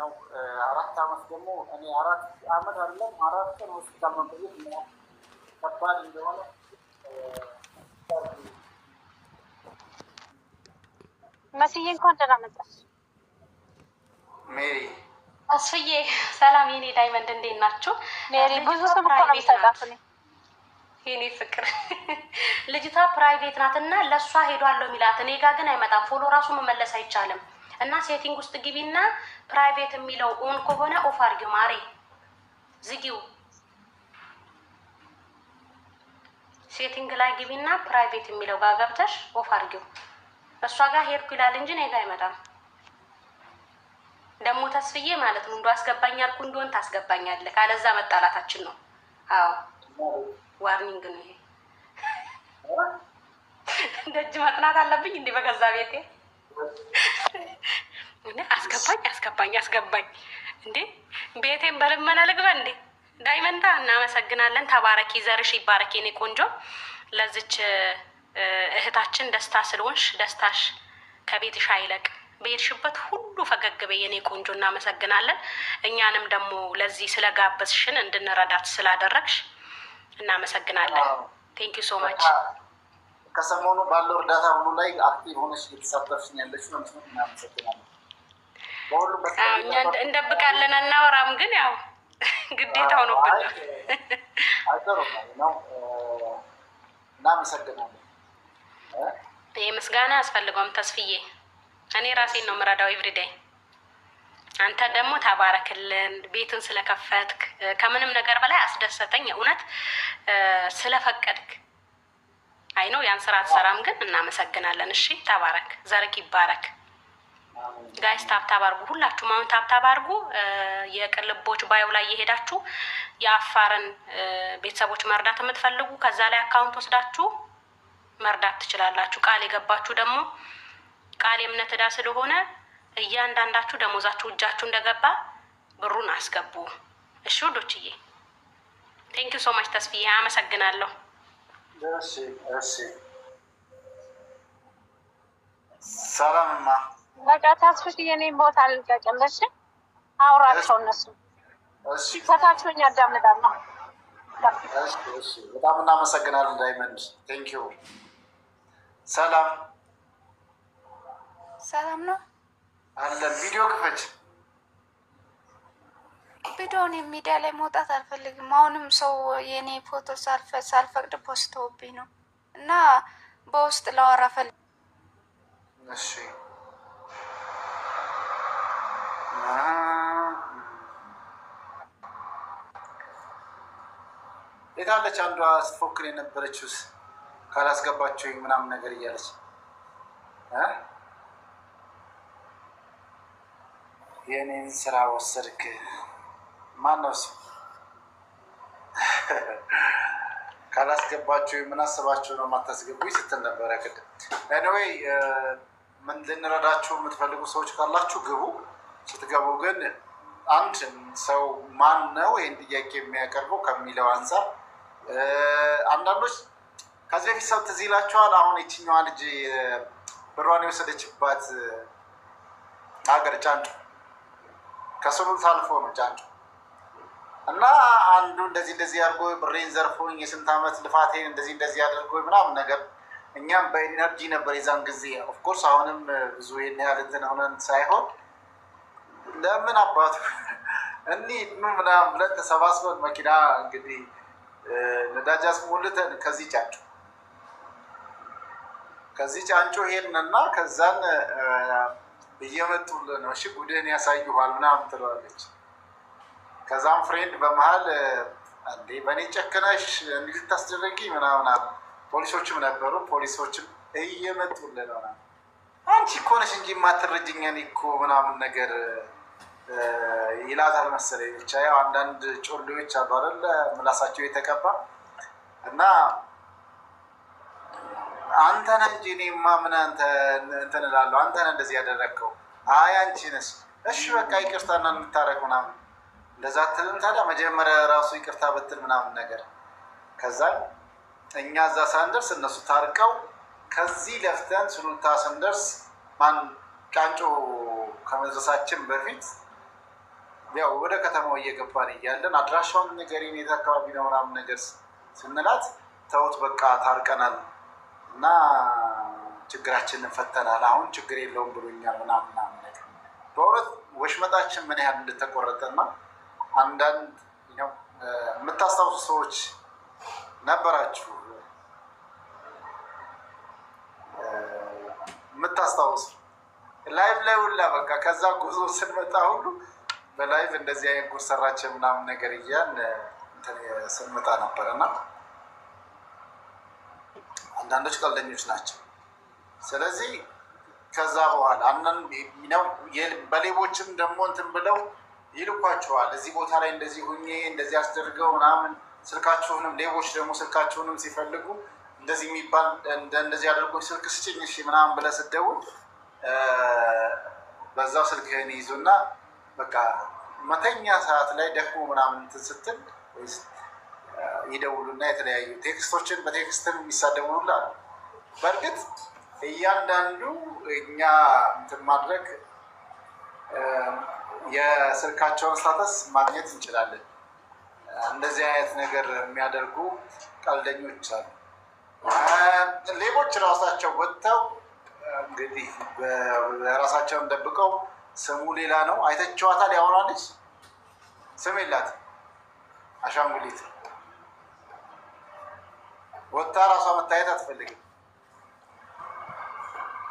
ነው። አራት አመት ደግሞ እኔ አራት አመት አይደለም አራት ቀን ሆስፒታል መቆየት ከባድ እንደሆነ መስዬ እንኳን ደህና መጣሽ። ሜሪ አስፍዬ ሰላም፣ የኔ ዳይመንድ እንዴት ናችሁ? ሜሪ ብዙ ስም እኮ ነው የሚሰጣት የኔ ፍቅር ልጅቷ ፕራይቬት ናት እና ለእሷ ሄዷለሁ የሚላት እኔ ጋ ግን አይመጣም። ፎሎ ራሱ መመለስ አይቻልም። እና ሴቲንግ ውስጥ ግቢና ፕራይቬት የሚለው ኦን ከሆነ ኦፍ አድርጊው ማሬ፣ ዝጊው። ሴቲንግ ላይ ግቢና ፕራይቬት የሚለው ጋር ገብተሽ ኦፍ አድርጊው። እሷ ጋር ሄድኩ ይላል እንጂ እኔ ጋር አይመጣም። ደግሞ ተስፍዬ ማለት ነው እንዶ አስገባኝ አልኩ እንደሆን ታስገባኛለህ፣ ካለዛ መጣላታችን ነው። አዎ ዋርኒንግ ነው ይሄ። ደጅ መጥናት አለብኝ እንዲህ በገዛ ቤቴ አስገባኝ አስገባኝ አስገባኝ እንዴ ቤቴን በልመና ልግባ እንዴ ዳይመንዳ እናመሰግናለን። ተባረኪ፣ ዘርሽ ይባረኪ። ኔ ቆንጆ ለዚች እህታችን ደስታ ስለሆንሽ ደስታሽ ከቤትሽ አይለቅ፣ በሄድሽበት ሁሉ ፈገግ በይ የኔ ቆንጆ። እናመሰግናለን። እኛንም ደግሞ ለዚህ ስለጋበዝሽን እንድንረዳት ስላደረግሽ እናመሰግናለን። ዩ ሶ ማች ከሰሞኑ ባለው እርዳታ ሁሉ ላይ አክቲቭ ሆነች እየተሳተፍሽ ያለች ነው። እናመሰግናለን። በሁሉም እንደብቃለን፣ አናወራም፣ ግን ያው ግዴታ ሆኖብን እናመሰግናለን። ይህ ምስጋና አያስፈልገውም ተስፍዬ። እኔ ራሴን ነው ምረዳው ኤቭሪዳይ። አንተ ደግሞ ታባረክልን፣ ቤትን ስለከፈትክ ከምንም ነገር በላይ አስደሰተኝ። እውነት ስለፈቀድክ አይ ነው ያን ስራ አትሰራም፣ ግን እናመሰግናለን። እሺ ተባረክ፣ ዘርክ ይባረክ። ጋይስ ታብታብ አርጉ፣ ሁላችሁም አሁን ታብታብ አርጉ። የቅልቦች ባዮ ላይ የሄዳችሁ የአፋርን ቤተሰቦች መርዳት የምትፈልጉ ከዛ ላይ አካውንት ወስዳችሁ መርዳት ትችላላችሁ። ቃል የገባችሁ ደግሞ ቃል የእምነት ዳ ስለሆነ እያንዳንዳችሁ ደሞዛችሁ እጃችሁ እንደገባ ብሩን አስገቡ። እሺ ውዶችዬ፣ ቴንኪ ሶ ማች ተስፍዬ፣ አመሰግናለሁ። ሰላምማ በቃ ታስፍሽ የኔን ቦታ ልቀቅለሽ፣ አውራቸው እነሱ አዳምጣለሁ። በጣም እናመሰግናለን። ዳይመንድ ቴንክ ዩ። ሰላም ሰላም ነው አለን። ቪዲዮ ክፈች ቪዲዮን የሚዲያ ላይ መውጣት አልፈልግም። አሁንም ሰው የኔ ፎቶ ሳልፈቅድ ፖስተውብኝ ነው እና በውስጥ ላወራ ፈል የታለች አንዷ ስትፎክር የነበረችውስ ካላስገባችሁኝ ምናምን ነገር እያለች የእኔን ስራ ወሰድክ። ማን ነው? ካላስገባችሁ የምናስባችሁ ነው የማታስገቡኝ ስትል ነበር ያቅድም። ኤኒዌይ ምን ልንረዳችሁ የምትፈልጉ ሰዎች ካላችሁ ግቡ። ስትገቡ ግን አንድ ሰው ማን ነው ይህን ጥያቄ የሚያቀርበው ከሚለው አንጻር አንዳንዶች ከዚህ በፊት ሰው ትዝ ይላችኋል። አሁን የትኛዋ ልጅ ብሯን የወሰደችባት ሀገር ጫንጮ ከሱሉልታ አልፎ ነው ጫንጮ እና አንዱ እንደዚህ እንደዚህ አድርጎ ብሬን ዘርፎኝ የስንት ዓመት ልፋቴን እንደዚህ እንደዚህ አድርጎ ምናምን ነገር እኛም በኢነርጂ ነበር የዛን ጊዜ። ኦፍኮርስ አሁንም ብዙ ይህን ሆነን ሳይሆን ለምን አባቱ እኒህ ምናምን ብለን ተሰባስበን መኪና እንግዲህ ነዳጅ አስሞልተን ከዚህ ጫንጮ ከዚህ ጫንጮ ሄድን እና ከዛን እየመጡልን ነው። እሺ ቡድን ያሳዩኋል ምናምን ትለዋለች ከዛም ፍሬንድ በመሀል እንዴ በእኔ ጨክነሽ እንዲህ ልታስደረጊ ምናምን ፖሊሶችም ነበሩ። ፖሊሶችም እየመጡልን ሆና አንቺ እኮ ነሽ እንጂ የማትረጅኝ እኔ እኮ ምናምን ነገር ይላታል መሰለኝ። ብቻ ያው አንዳንድ ጮሌዎች አሉ አይደለ ምላሳቸው የተቀባ እና አንተ ነህ እንጂ እኔማ ምን አንተ እንትን እላለሁ። አንተ ነህ እንደዚህ ያደረግከው። አይ አንቺ ነሽ። እሺ በቃ ይቅርታና እንታረቅ ምናምን እንደዛ አትልም ታዲያ መጀመሪያ ራሱ ይቅርታ በትል ምናምን ነገር ከዛ እኛ እዛ ሳንደርስ እነሱ ታርቀው ከዚህ ለፍተን ሱሉልታ ስንደርስ ማን ጫንጮ ከመድረሳችን በፊት ያው ወደ ከተማው እየገባን እያለን አድራሻውን ንገሪን፣ የት አካባቢ ነው ምናምን ነገር ስንላት ተውት በቃ ታርቀናል እና ችግራችንን ፈተናል፣ አሁን ችግር የለውም ብሎኛል ምናምን ነገር በእውነት ወሽመጣችን ምን ያህል እንደተቆረጠና አንዳንድ የምታስታውሱ ሰዎች ነበራችሁ። የምታስታውሱ ላይቭ ላይ ሁላ በቃ ከዛ ጉዞ ስንመጣ ሁሉ በላይቭ እንደዚህ አይነት ጉድ ሰራችን ምናምን ነገር እያን ስንመጣ ነበር አንዳንዶች ቀልደኞች ናቸው። ስለዚህ ከዛ በኋላ በሌቦችም ደግሞ እንትን ብለው ይልኳቸዋል እዚህ ቦታ ላይ እንደዚህ ሁኜ እንደዚህ አስደርገው ምናምን ስልካችሁንም ሌቦች ደግሞ ስልካችሁንም ሲፈልጉ እንደዚህ የሚባል እንደዚህ አድርጎ ስልክ ስጭኝ እሺ ምናምን ብለህ ስትደውል በዛው ስልክህን ይዙና በቃ መተኛ ሰዓት ላይ ደክሞ ምናምን እንትን ስትል ይደውሉና የተለያዩ ቴክስቶችን በቴክስትን የሚሳደቡ ሁሉ አሉ። በእርግጥ እያንዳንዱ እኛ እንትን ማድረግ የስልካቸውን ስታተስ ማግኘት እንችላለን። እንደዚህ አይነት ነገር የሚያደርጉ ቀልደኞች አሉ። ሌቦች ራሳቸው ወጥተው እንግዲህ ራሳቸውን ደብቀው ስሙ ሌላ ነው። አይተችዋታል? ያወራለች ስም የላት አሻንጉሊት ወጥታ ራሷ መታየት አትፈልግም።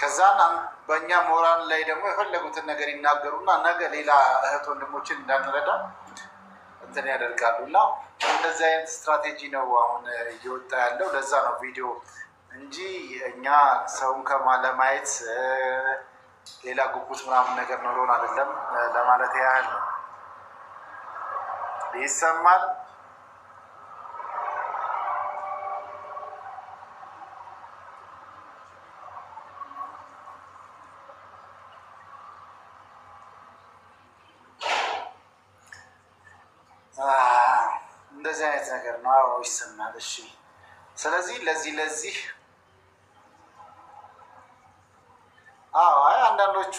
ከዛን በእኛ ሞራል ላይ ደግሞ የፈለጉትን ነገር ይናገሩና ነገ ሌላ እህት ወንድሞችን እንዳንረዳ እንትን ያደርጋሉ እና እንደዚህ አይነት ስትራቴጂ ነው አሁን እየወጣ ያለው። ለዛ ነው ቪዲዮ እንጂ እኛ ሰውን ከማ ለማየት ሌላ ጉጉት ምናምን ነገር ኖሮን አይደለም ለማለት ያህል ነው። ይሰማል። አዎ ይሰማል። እሺ፣ ስለዚህ ለዚህ ለዚህ አዎ፣ አይ አንዳንዶቹ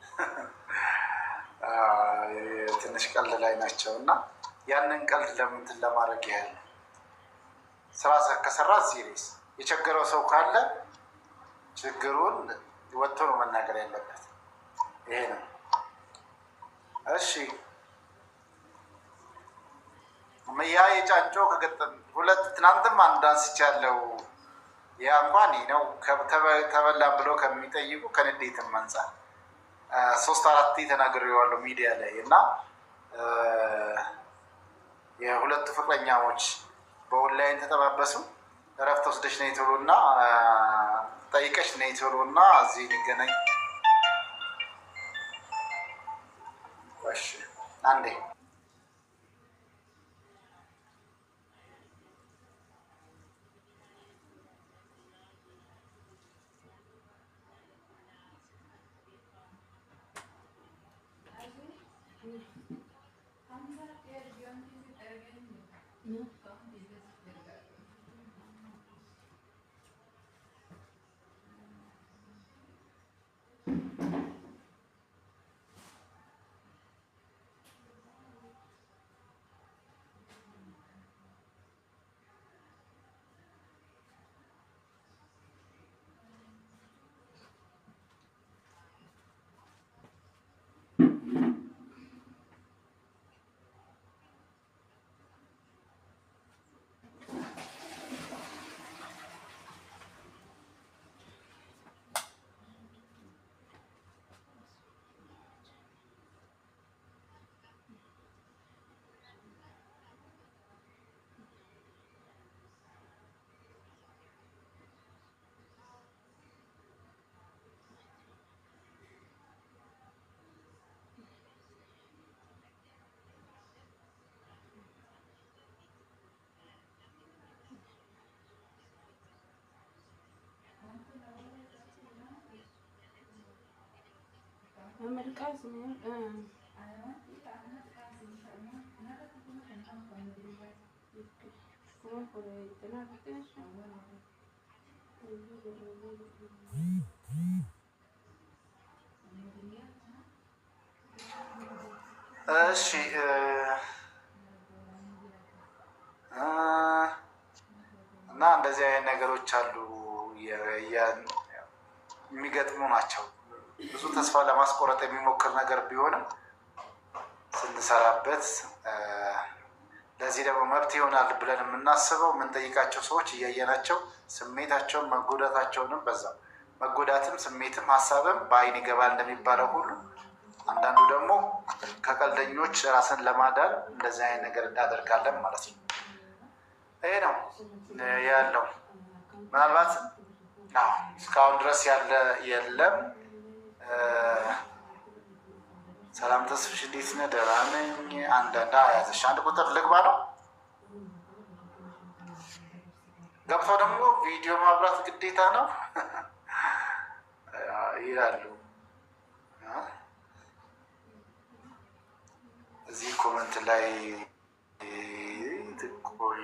ትንሽ ቀልድ ላይ ናቸው እና ያንን ቀልድ ለምንትን ለማድረግ ያህል ስራ ከሰራ ሲሪስ የቸገረው ሰው ካለ ችግሩን ወጥቶ ነው መናገር ያለበት። ይሄ ነው። እሺ ያ የጫንጮ ከገጠም ሁለት ትናንትም አንድ አንስቻለሁ። ያ እንኳን ነው ተበላ ብሎ ከሚጠይቁ ከንዴትም አንጻር ሶስት አራት ተናግሬዋለሁ ሚዲያ ላይ እና የሁለቱ ፍቅረኛሞች በኦንላይን ተጠባበሱ። እረፍት ወስደሽ ነይ ቶሎ እና ጠይቀሽ ነይ ቶሎ እና እዚህ ሊገናኝ አንዴ እሺ እና እንደዚህ አይነት ነገሮች አሉ የሚገጥሙ ናቸው። ብዙ ተስፋ ለማስቆረጥ የሚሞክር ነገር ቢሆንም ስንሰራበት ለዚህ ደግሞ መብት ይሆናል ብለን የምናስበው የምንጠይቃቸው ሰዎች እያየናቸው ስሜታቸውን መጎዳታቸውንም በዛ መጎዳትም ስሜትም ሀሳብም በአይን ይገባል እንደሚባለው ሁሉ አንዳንዱ ደግሞ ከቀልደኞች ራስን ለማዳን እንደዚህ አይነት ነገር እናደርጋለን ማለት ነው። ይሄ ነው ያለው። ምናልባት እስካሁን ድረስ ያለ የለም። ሰላም ተስፍሽ እንዴት ነህ? ደህና ነኝ። አንዳንድ ያዘሽ አንድ ቁጥር ልግባ ነው ገብቶ ደግሞ ቪዲዮ ማብራት ግዴታ ነው ይላሉ። እዚህ ኮመንት ላይ ትቆይ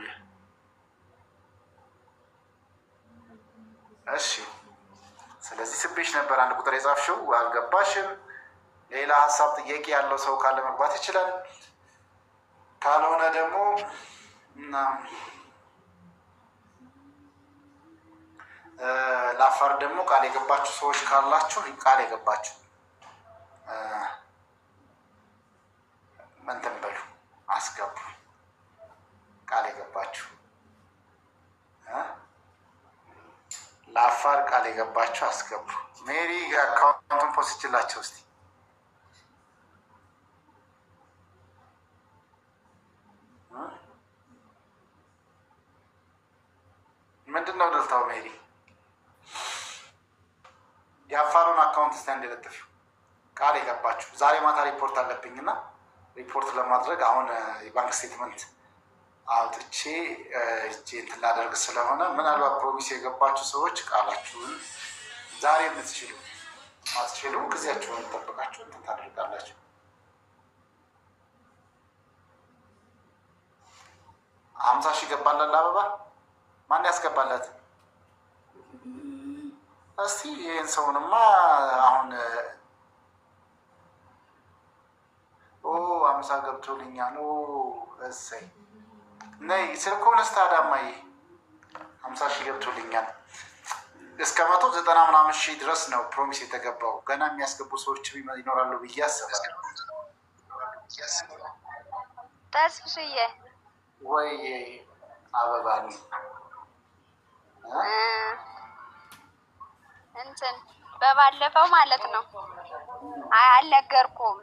እሺ ስቤሽ ነበር አንድ ቁጥር የጻፍሽው አልገባሽም። ሌላ ሀሳብ ጥያቄ ያለው ሰው ካለ መግባት ይችላል። ካልሆነ ደግሞ ለአፋር ደግሞ ቃል የገባችሁ ሰዎች ካላችሁ ቃል የገባችሁ እንትን በሉ አስገቡ ቃል የገባችሁ ለአፋር ቃል የገባችሁ አስገቡ። ሜሪ አካውንቱን ፖስችላቸው ችላቸው እስኪ ምንድን ነው ደልታው? ሜሪ የአፋሩን አካውንት ስ እንደለጥፊው ቃል የገባችሁ ዛሬ ማታ ሪፖርት አለብኝና ሪፖርት ለማድረግ አሁን የባንክ ስቴትመንት አውጥቼ እጄን ላደርግ ስለሆነ ምናልባት ፕሮሚስ የገባችሁ ሰዎች ቃላችሁን ዛሬ የምትችሉ ማትችሉ ጊዜያችሁን ጠብቃችሁ እንትን ታደርጋላችሁ። ሀምሳ ሺህ ይገባለን ለአበባ ማን ያስገባለት? እስቲ ይህን ሰውንማ አሁን ኦ ሀምሳ ገብቶልኛል። እሰይ ነይ ስልኩን ስታዳማዬ ሀምሳ ሺህ ገብቶልኛል። እስከ መቶ ዘጠና ምናምን ሺህ ድረስ ነው ፕሮሚስ የተገባው። ገና የሚያስገቡ ሰዎች ይኖራሉ ብዬ አስባለሁ። ተስፍሽዬ ወይ አበባ እንትን በባለፈው ማለት ነው አልነገርኩም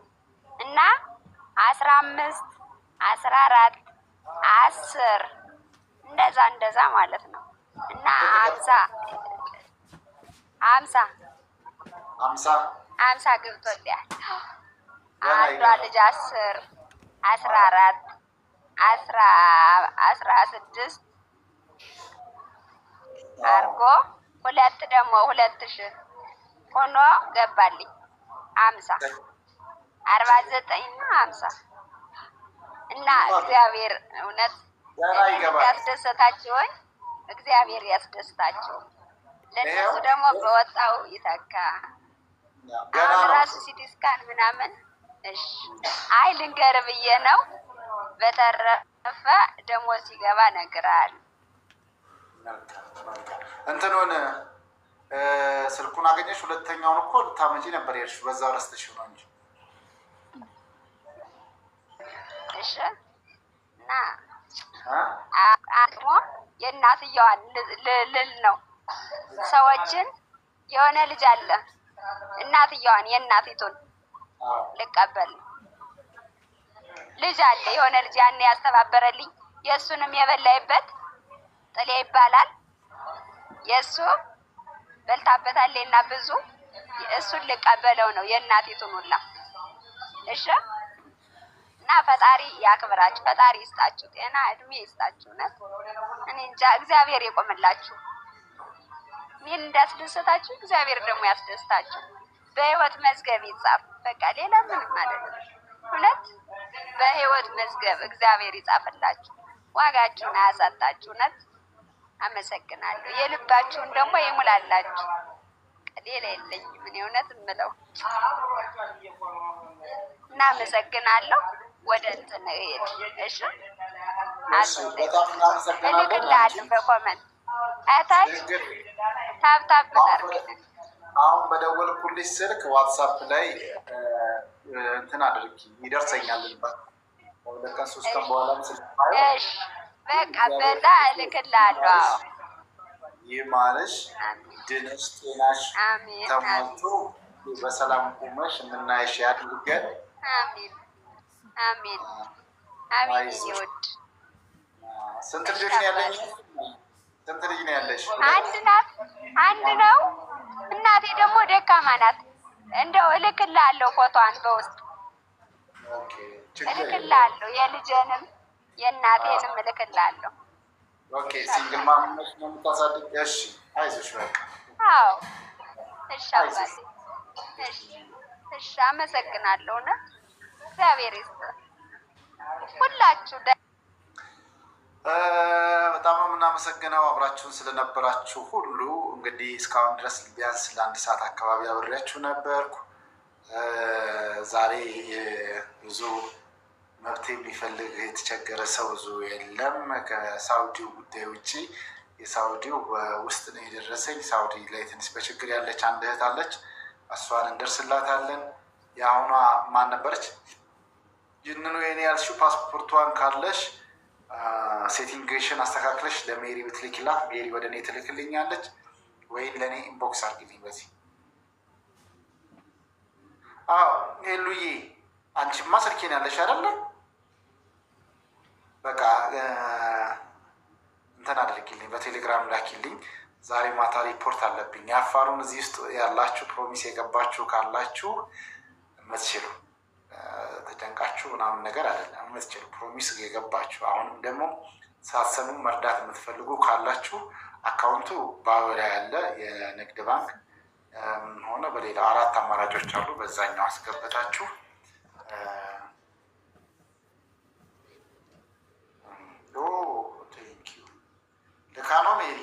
እና አስራ አምስት አስራ አራት አስር እንደዛ እንደዛ ማለት ነው እና አምሳ አምሳ አምሳ ገብቶልያል። አንዷ ልጅ አስር አስራ አራት አስራ አስራ ስድስት አርጎ ሁለት ደግሞ ሁለት ሺ ሆኖ ገባልኝ። አምሳ አርባ ዘጠኝ ዘጠኝና አምሳ እና እግዚአብሔር እውነት ያስደሰታቸውን እግዚአብሔር ያስደስታቸው። ለእነሱ ደግሞ በወጣው ይተካ። አሁን ራሱ ሲቲ ስካን ምናምን እሺ፣ አይ ልንገር ብዬ ነው። በተረፈ ደግሞ ሲገባ ነግራል። እንትኑን ስልኩን አገኘሽ። ሁለተኛውን እኮ ልታመጪ ነበር የሄድሽው፣ በዛው ረስተሽው ነው እንጂ እሺ እና አቅሞ የእናትየዋን ልል ነው ሰዎችን የሆነ ልጅ አለ እናትየዋን የእናቲቱን ልቀበል ልጅ አለ የሆነ ልጅ ያን ያስተባበረልኝ የእሱንም የበላይበት ጥሌ ይባላል። የእሱ ና ብዙ እሱን ልቀበለው ነው የእናቲቱን ሁላ እሺ እና ፈጣሪ ያክብራችሁ፣ ፈጣሪ ይስጣችሁ፣ ጤና እድሜ ይስጣችሁ። እውነት እኔ እንጃ እግዚአብሔር የቆምላችሁ። ይህን እንዳስደሰታችሁ እግዚአብሔር ደግሞ ያስደስታችሁ። በህይወት መዝገብ ይጻፍ። በቃ ሌላ ምንም ማለት ነው። እውነት በህይወት መዝገብ እግዚአብሔር ይጻፍላችሁ፣ ዋጋችሁን አያሳጣችሁ። እውነት አመሰግናለሁ። የልባችሁን ደግሞ ይሙላላችሁ። ሌላ የለኝም እኔ እውነት የምለው እና አመሰግናለሁ። ወደ እንትን እሺ፣ እልክልሃለሁ በኮመንት እታች ታብታብ ታርግ። አሁን በደወልኩልሽ ስልክ ዋትሳፕ ላይ እንትን አድርጊ ይደርሰኛል። ሁለት ቀን ሶስት ቀን በኋላ በቃ በዛ እልክልሃለሁ። ይህ ማለሽ ድንሽ ጤናሽ ተሞልቶ በሰላም ቁመሽ የምናይሽ ያድርገን። አሜን። አሜን አሜን። ሲወድ ስንት ልጆች ነው ያለኝ? ስንት ልጅ ነው ያለሽ? አንድ ናት። አንድ ነው። እናቴ ደግሞ ደካማ ናት። እንደው እልክልሃለሁ ፎቶዋን በውስጥ እልክልሃለሁ። የልጄንም የእናቴንም እልክልሃለሁ። ኦኬ ሲንግል ማም ነው የምታሳድግ? እሺ አይዞሽ በቃ። አዎ እሺ አባቴ እሺ እሺ። አመሰግናለሁ። እግዚአብሔር ይስጥ ሁላችሁ። በጣም የምናመሰግነው አብራችሁን ስለነበራችሁ ሁሉ። እንግዲህ እስካሁን ድረስ ቢያንስ ለአንድ ሰዓት አካባቢ አብሬያችሁ ነበርኩ። ዛሬ ብዙ መብት የሚፈልግ የተቸገረ ሰው ብዙ የለም ከሳውዲው ጉዳይ ውጭ። የሳውዲው ውስጥ ነው የደረሰኝ። ሳውዲ ላይ ትንሽ በችግር ያለች አንድ እህት አለች። እሷን እንደርስላታለን። የአሁኗ ማን ነበረች? ይህንኑ የኔ ያልሽው ፓስፖርቷን ካለሽ ሴቲንግሽን አስተካክለሽ ለሜሪ ብትልኪላት ሜሪ ወደ እኔ ትልክልኛለች፣ ወይም ለእኔ ኢንቦክስ አርግልኝ። በዚህ አዎ፣ ሄሉዬ አንቺማ ስልኬን ያለሽ አይደለ? በቃ እንትን አድርግልኝ፣ በቴሌግራም ላኪልኝ። ዛሬ ማታ ሪፖርት አለብኝ። የአፋሩን እዚህ ውስጥ ያላችሁ ፕሮሚስ የገባችሁ ካላችሁ የምትችሉ ተጨንቃችሁ ምናምን ነገር አይደለም የምትችሉ ፕሮሚስ የገባችሁ አሁንም ደግሞ ሳሰኑ መርዳት የምትፈልጉ ካላችሁ አካውንቱ በአበላ ያለ የንግድ ባንክ ሆነ በሌላ አራት አማራጮች አሉ። በዛኛው አስገብታችሁ ልካ ነው ሜሪ